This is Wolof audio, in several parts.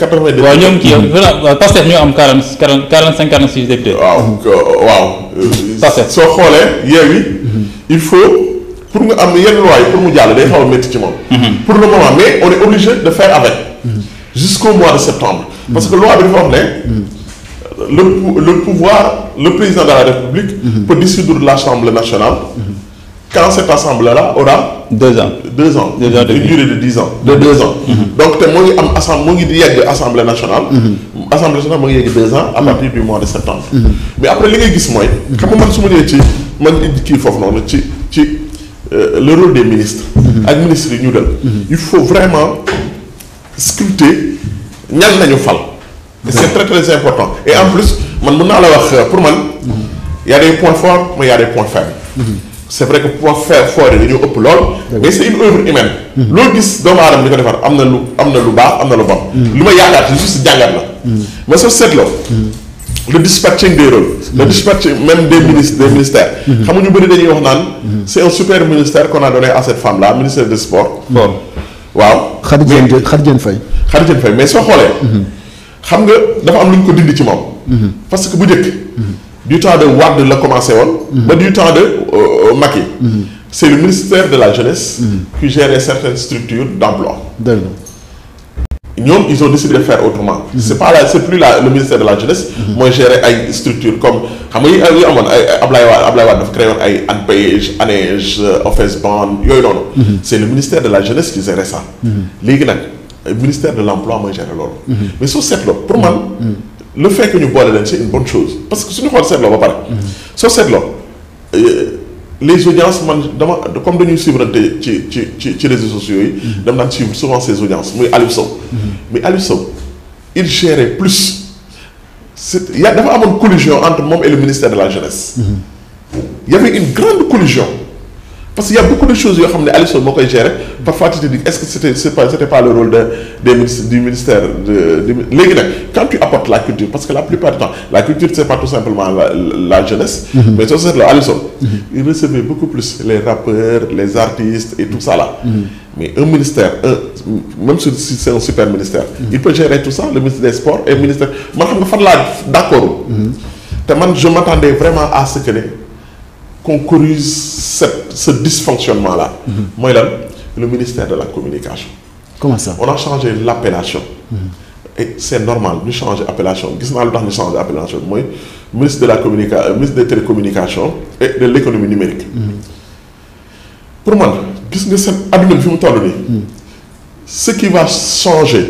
82 waaw ñoom kii Pastef ñoo am 40 40 45 46 députés. waaw waaw. soo xoolee Yewwi mhm. il faut. pour nga am yenn loi yi pour mu jàll day xaw a métti ci moom. Mhm. pour le moment mais on est obligé de faire avec. Mhm. jusqu'au mois de septembre. parce que loi bi dafa wax ne. le le pouvoir le président de la République. peut dissoudre l'Assemblée nationale. quand cette assemblée-là aura. deux ans deux ans. deux ans de durée de dix ans. de deux ans. donc te moo ngi am assemblée mm-hmm. moo mm-hmm. mm-hmm. après li ngay gis mooy. xam nga su ma nee ci man kii foofu noonu ci ci euh, le rôle des ministres. ak ministre yi ñu dem. il faut vraiment sculpter ñan nañu fal. c'est très très important et en plus man mën naa la wax euh, pour man. y a des points forts mais y a des c' est vrai que poids fort yi dañoo ëpp lool. mais c' est une œuvre humaine. Hmm. loo gis doomu aadama di ko defar am na lu am na lu baax am na lu bon. Hmm. lu ma yaakaar ci juste jàngat la. Hmm. mais soo seetloo. le dispatching des rôles. le dispatching même des ministres des ministères. xam nga ñu bëri dañuy wax naan. c' est un super ministère qu' on a donné à cette femme là ministère waaw. Khady Diène Khady Diène Faye. soo xoolee. xam nga dafa am lu ñu ko dindi ci moom. parce que bu njëkk. du temps de Wade la commencé woon. Mm-hmm. ba du temps de euh, euh, Macky. Mm-hmm. c' est le ministère de la jeunesse. Mm-hmm. qui gérait certaines structures d' emploi. ñoom ils ont décidé de faire autrement. c' est pas la c' est plus la le ministère de la jeunesse. mooy gérer ay structures comme xam nga yi amoon ay Ablaye Wade Ablaye Wade dafa créé woon ay ANPEJ ANEJ euh, OFEJBAN yooyu noonu. c' est ministère de la jeunesse qui gérait ça. léegi nag ministère de l' emploi mooy gérer loolu. mais soo le fekk que ñu boole leen c'est une bonne chose parce que suñu xool seetloo ba pare. soo seetloo euh, les audiences man dama comme dañuy suivre ci ci ci ci réseaux sociaux yi. dem mm-hmm. naan suivre souvent ces audiences muy Aliou Sow. Mm-hmm. mais Aliou Sow il gérait plus c'est y a dafa amoon collusion entre moom et le ministère de la jeunesse. Mm-hmm. il y avait une grande collusion. parce que y' a beaucoup de choses yoo xam ne Aliou Sow moo koy gérer parfois tu te dis est ce que c' était c' est pas le rôle de des ministres du ministère de léegi nag quand tu apportes la culture parce que la plupart du temps la culture c' est pas tout simplement la la jeunesse. Mm-hmm. mais soo seetloo Aliou Sow. Mm-hmm. il recevait beaucoup plus les rappeurs les artistes et tout ça là. Mm-hmm. mais un ministère un même si c'est un super il peut gérer tout ça le ministre des vraiment à cette ce dysfonctionnement là. Mhm. mooy lan le ministère de la communication. comment ça on a changé l' appellation. Mhm. et c' est normal ñu changer appellation gis naa lu tax ñu mooy ministre de la communica euh, ministre des télécommunications et de l' économie numérique. Mhm. pour man gis nga seen adduna bi fi mu toll nii. ce qui va changer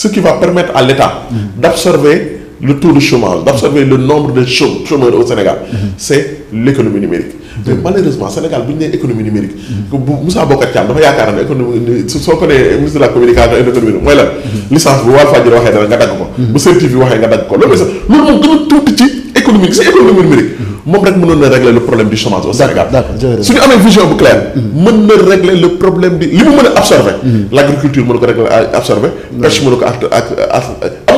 ce qui va permettre à l'État mmh. d'absorber le taux de chômage, d'absorber le nombre de chômeurs au Sénégal, mmh. c'est l'économie numérique. mais malheureusement Sénégal bu ñu nee économie numérique. Mm-hmm. bu Moussa Bocar Thiam dafa yaakaar ne économie soo ko nee ministre la communication et de mooy lan. Mm-hmm. licence bu Walfadjri waxee dara nga dagg ko. Mm-hmm. bu Sen TV waxee nga dagg ko loolu moom gën a ci économie bi économie numérique. moom rek mënoon na régler le problème du chômage au Sénégal. su ñu amee vision bu claire. mën na régler le problème di li mu mën a absorber. l'agriculture mën ko régler absorber.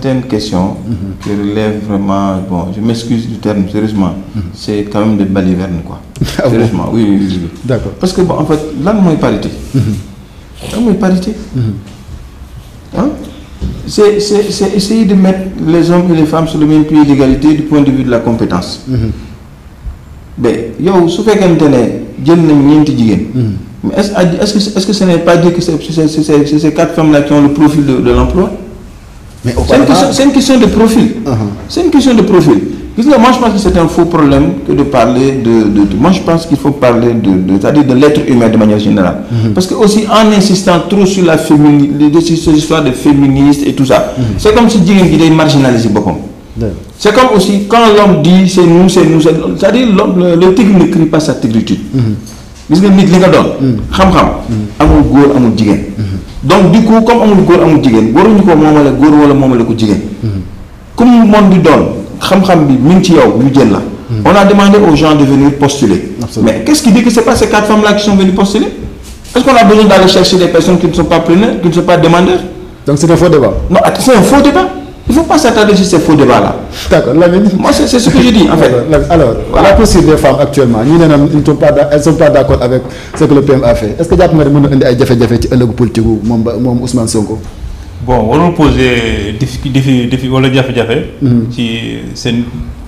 certaines question mhm. qui relèvent vraiment, bon, je m'excuse du terme, sérieusement, mhm. c'est quand même des balivernes, quoi. Ah sérieusement, oui, oui, oui. D'accord. Parce que, bon, en fait, lan mooy parité. Mhm. lan mooy parité. ah c'est c'est c'est essayer de mettre les hommes et les femmes sur le même pied d'égalité du point de vue de la compétence. mais yow su fekkente ne jël nañ ñeenti jigéen. mais est-ce est-ce que est-ce c'est c'est quatre femmes-là qui ont le profil de l'emploi. mais c'est une question de profil. Uh-huh. c'est une question de profil. gis nga je pense que c'est un faux problème que de parler de de, de moi je pense qu'il faut parler de de c'est-à-dire de l'être humain de manière générale. Uh-huh. parce que aussi en insistant trop sur la fémini de ces uh-huh. c'est comme si jigéen gi day marginaliser boppam. c'est comme aussi quand l'homme dit c'est nous c'est nous c'est-à-dire l'homme le tigre ne crie pas sa tigritude. gis li nga doon. xam-xam. amul góor amul jigéen. donc du coup comme amul góor amul jigéen waruñu ko moomale góor wala moomale ko jigéen. comme moom di doon xam-xam bi mi ngi ci yow ñu jël la. Hmm. on a demandé aux gens de postuler. mais qu'est-ce qui dit que quatre femmes là qui sont venues postuler est-ce qu'on a besoin d'aller chercher des personnes qui ne sont pas preneurs qui ne sont pas demandeurs. donc c'est un faux débat. non c'est un faux débat. il faut pas s'attarder sur ces faux débats là. d'accord Lamine. moi c'est ce que je dis en fait. alors la posture des femmes actuellement ñu ne naan ils ne sont pas elles sont pas d'accord avec ce que le PM a fait est-ce jàpp nga ne mën indi ay jafe-jafe ci ëllëgu politique moom ba moom Ousmane Sonko. bon warul poser défi défi défi wala jafe-jafe. Mhm. ci seen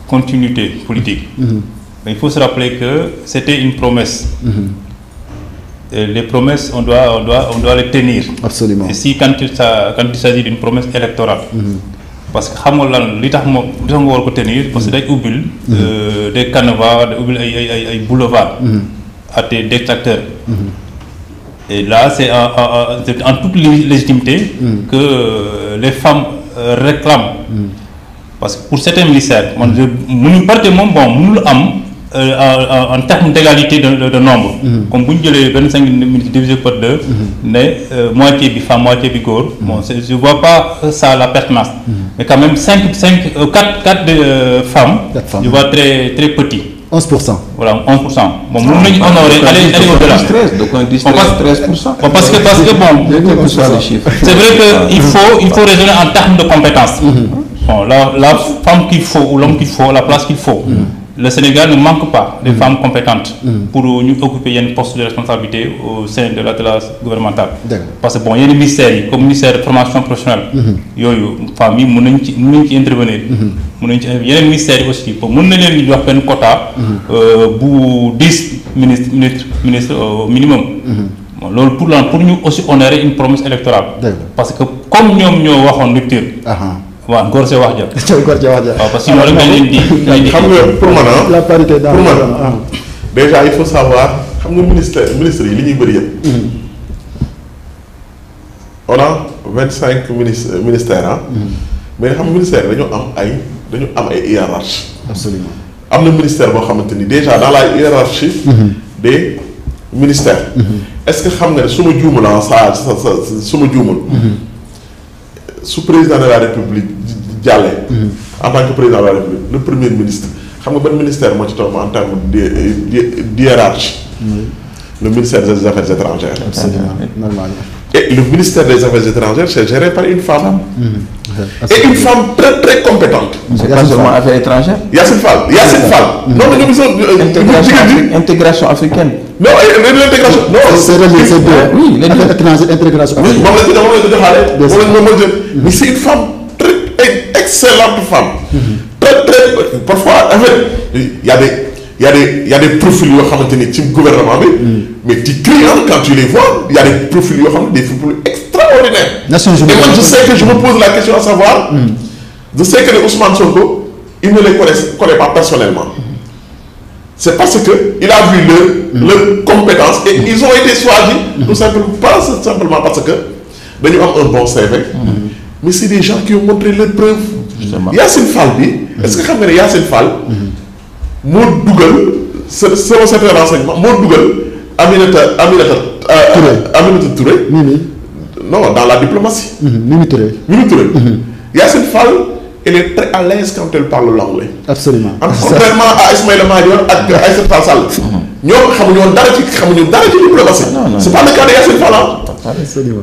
continuité politique. Mhm. mais il faut se rappeler que c'était une promesse. Mhm. Et les promesses on doit on doit on doit les tenir. absolument et si quand il quand il s'agit d'une parce que xam nga lan li tax moom li tax nga war ko tenir parce que day ubbil mm-hmm. euh, des canevas day ubbil ay ay ay boulevard mm-hmm. à tes détracteurs mm-hmm. et là c'est en, toute légitimité que euh, les femmes euh, réclament parce que pour certains ministères man mënuñu parte moom bon mënul am Euh, en termes d'égalité de de nombre. Mhm. comme bu ñu jëlee vingt cinq minutes divisé par deux. Mhm. ne euh, moitié bi femme moitié bi góor. Mhm. bon je vois pas ça la pertinence. mais quand même cinq cinq euh, quatre quatre de femmes. je vois très très petit. 11 pour cent. voilà 11 pour parce que parce que bon. c'est vrai que il ah. faut il faut raisonner en termes de compétence. bon la la femme qu'il faut ou l'homme qu'il faut la place qu'il faut. le Sénégal ne manque pas de mmh. femmes mm. pour ñu occuper yenn poste de responsabilité au sein de la de la gouvernementale parce que bon yenn ministères yi comme ministère de formation professionnelle mm-hmm. yooyu femmes yi mën nañ ci mën nañ ci intervenir mën mm-hmm. nañ ci yeneen ministère yi aussi bo mën na leen jox benn quota mm-hmm. euh, bu dix ministre ministre ministre au euh, minimum loolu pour lan pour ñu aussi honorer une promesse électorale parce que comme ñoom ñoo waxoon rupture waaw ngor see wax ja. ngor see wax ja waaw parce que nga leen di. xam nga pour man ah la parité dans pour man déjà il faut savoir xam nga ministère ministre yi li ñuy bëri yëpp. Mm-hmm. on a vingt cinq ministres ministères ah. mm-hmm. mais xam nga ministère dañu am ay dañu am ay hiérarchie. absolument am na ministère boo xamante ni déjà dans la hiérarchie. Mm-hmm. des ministères. est-ce que xam nga ne su ma juumul ah saa sa sa su su président de la république jàllee. Mm-hmm. en tant président de la république le premier ministre xam nga ban ministère moo ci topp en terme de hiérarchie. Mm-hmm. le ministère des affaires étrangères. normalement. Et le ministère des Affaires étrangères, c'est géré par une femme. Mmh. Et une femme très très compétente. C'est pas seulement affaires étrangères. Yacine Fall, Yacine Fall. Mm-hmm. Non, mais nous sommes. Euh, intégration africaine. Non, l'intégration. Non, c'est les deux. Oui, l'intégration africaine. Mm-hmm. Mais c'est une femme très excellente femme. Mm-hmm. Très très. Euh, parfois, il y a des. y a des y a des profils yoo xamante ni ci gouvernement bi. Mm. mais tu cries hein quand tu les vois y a des profils yoo xam ne des profils extraordinaires. Nations Unies et man je sais je me pose la question à savoir. Mm. je sais que ne Ousmane Sonko il ne pa connaît connaît pas personnellement. c'est parce que il a vu leur mmh. leur compétence et mmh. ils ont été choisis mm. parce que dañu am un bon CV mmh. mais c'est des gens qui ont montré leurs preuves Yacine Fall bi est-ce moo dugal sa se secrétaire renseignement moo dugal Aminata Aminata. Euh, Touré Aminata Touré. Mimi non dans la diplomatie. Mhm, Mimi Touré. Mimi Touré. Mhm. Yacine Fall elle est très à l'aise quand elle parle l'anglais. absolument en a à a Madior ak mhm. Aïssata Tall Sall. ñoo xamuñu woon dara ci xamuñu dara ci diplomatie. c'est pas le cas de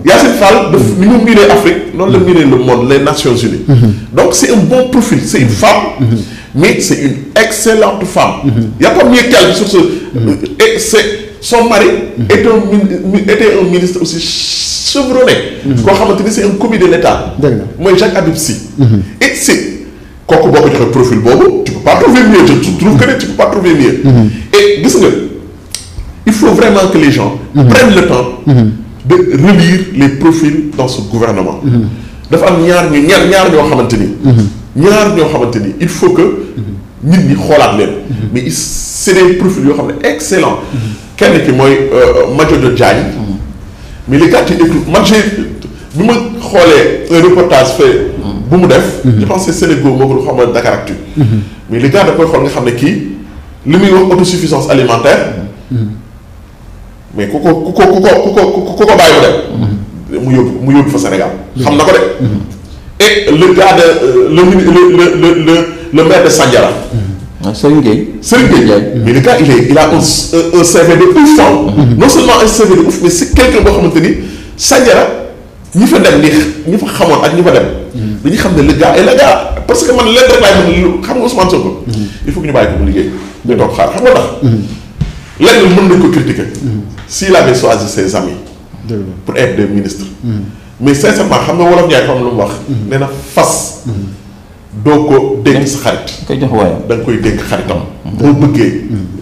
Yacine Fall ni mu miinee Afrique noonu la miinee le monde les Nations Unies. donc c'est un bon profil c'est une femme. mais c'est une excellente femme. Il mmh. n'y a mieux qu'elle sur ce. Mmh. Et mari était un, ministre aussi chevronné. koo xamante ni c'est un commis de l'État. mooy Jacques Habib Sy. et c'est kooku boo ko joxee profil boobu tu peux pas trouver mieux je trouve que tu peux pas trouver mieux. et gis nga il faut vraiment que les gens. prennent le temps. de relire les profils dans ce gouvernement. dafa am ñaar ñu ñaar ñaar ñoo xamante ni. ñaar ñoo xamante ni il faut que nit ñi xoolaat leen. Mhm. mais c'est des profils yoo xam ne excellent. Mhm. kenn ki mooy euh, Majojo Diagne. Mhm. mais li gàtt yi bi ma xoolee un reportage fait. bu mu def. je que Sénégal moo ko xamal Dakaractu. mais li gars da koy xool nga xam ne kii li muy wax autosuffisance alimentaire. mais ku ko ku ko ku ko ku ko ku ko bàyyi mu dem. mu yóbbu mu yóbbu fa Sénégal. xam na ko de. et le gars de euh, le le le le le maire de Sandiara. Mm-hmm. ah Serigne Gueye. Serigne Gueye mm-hmm. mais le gars il est il a un un CV de ouf mm-hmm. non seulement un CV de ouf mais c'est quelqu'un boo xamante ni Sandiara ñi fa dem li ñi fa xamoon ak ñi fa dem. dañuy xam ne le gars et le gars parce que man lenn rek laay mën xam nga Ousmane Sonko. il faut que ñu bàyyi ko mu liggéey. ñu toog xaar xam nga tax. lenn mën nañu ko critiquer. s'il avait choisi ses amis. pour être des ministres. mais sincèrement xam nga wolof Njaay fa am lu mu wax. Mm-hmm. nee na fas. Mm-hmm. doo ko dénk sa xarit. koy jox waayam da nga koy dénk xaritam. Mm-hmm. boo bëggee.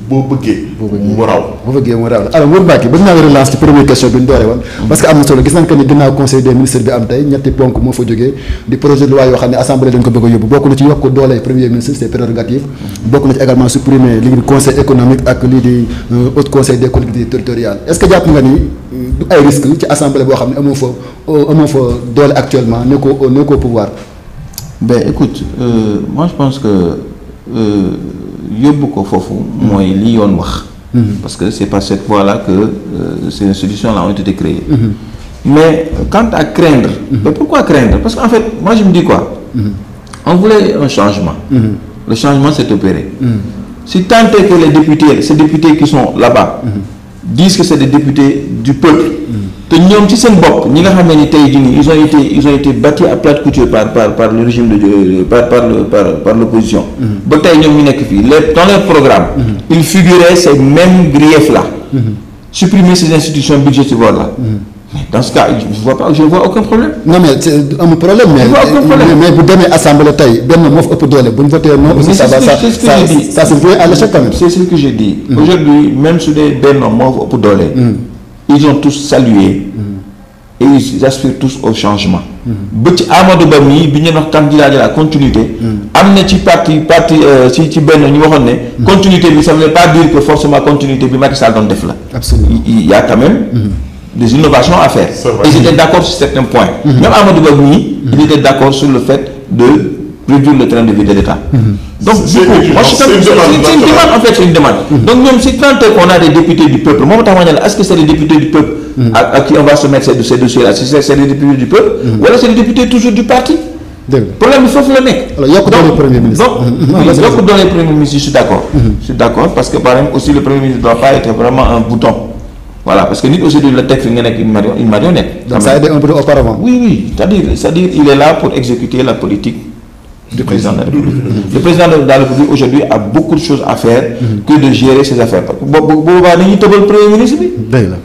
boo bëggee mu raw. boo bëggee mu raw alors Mor Mbacke bëgg naa relance ci première question bi ñu doore woon. Mm-hmm. parce que am na solo gis xam ne assemblée ko bëgg a yóbbu bokk na ci yokk doole premier ministre c'est prérogative. Mm-hmm. bokk na ci également supprimer lii di conseil économique ak lii di haut euh, conseil des collectivités territoriales est-ce que jàpp nga ni euh, du ay risques ci assemblée boo xam ne amoo fa euh, amoo ben écoute euh, je pense que euh, yóbbu ko foofu mooy li yoon wax mhm. parce que c'est par cette voie-là que euh, ces institutions-là ont été créées mhm. mais quant à craindre mhm. pourquoi craindre parce qu'en fait moi je me dis quoi on voulait un changement le changement s'est opéré si tant est que les députés ces députés qui sont là-bas disent que c'est des députés du peuple te ñoom ci seen bopp ñi nga xam ne ni tey jii ils ont été ils ont été battus à plate couture par le régime de par par par par l'opposition mm-hmm. ba tey ñoom ñu nekk fii les dans leur programme mm-hmm. il figurait ces mêmes griefs là mm-hmm. supprimer ces institutions budgétivores là dans ce cas je vois pas je vois aucun problème. non mais amul problème. mais bu demee assemblée tey benn moo fa ëpp doole bu ñu voté non. aussi ça va à l'échec quand même. c'est ce que j'ai dit. aujourd'hui su dee benn moo fa ils ont tous salué. Mm-hmm. et ils aspirent tous au changement. Mm-hmm. ba ci Amadou Ba mii bi ñu wax candidat de la continuité. Mm-hmm. am na ci parti parti euh, ci ci benn ñu waxoon ne. continuité bi ça ne veut pas dire que forcément continuité bi Macky Sall doon def la. absolument il y a quand même. des innovations à faire. et ils d'accord sur certains points. même Amadou Ba mii. il était d'accord sur le fait de. réduire le train de vie de l'État. Mhm. donc du coup moi je c'est une demande en fait c'est une demande. Mhm. donc ñoom si tant qu'on a des députés du peuple moom tax ma ne la est-ce que c'est des députés du peuple. ak mhm. ak qui on va soumettre ces ces dossiers-là si c'est des députés du peuple. wala c'est des députés toujours du parti. problème bi foofu la nekk. alors yokk doole premier ministre. donc yokk doole premier ministre je suis d'accord. je suis d'accord parce que par exemple aussi le premier ministre doit pas être vraiment un bouton. voilà parce que nit aussi du la teg fi nga nekk une marion une marionnette. donc ça a été un peu auparavant. oui oui c'est-à-dire c'est-à-dire il est là pour exécuter la politique. du président de la République. Le président de la République aujourd'hui a beaucoup de choses à faire que de gérer ses affaires ministre bi. la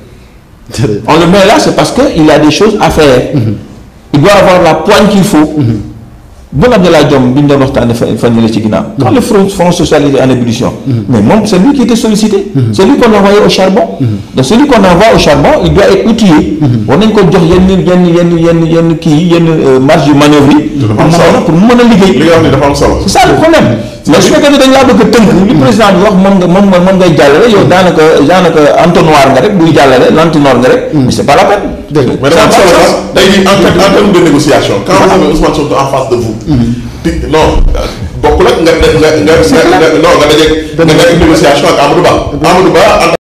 on le met c'est parce que il a des choses à faire. il doit avoir la poigne qu'il faut. Mhm. Boun laa Dionne bi ñu doon waxtaanee fan fan la ci ginnaaw. quand mm-hmm. le mm-hmm. mm-hmm. ko jox yenn yenn yenn yenn yenn kii yenn euh, marge yi. am solo pour mu mën a liggéey. li nga wax ni dafa am solo. c'est laa bëgg a tënk. li président bi wax nga moom nga moom ngay jàllale daanaka daanaka entonnoir nga rek buy jàllale l'entonnoir nga rek. mais c'est pas la dëgg la mais a am solo day di en terme en terme de négociation. quand vous de vous. di bokkul ak nga nga nga nga nga négociation ak Ba Amadou Ba.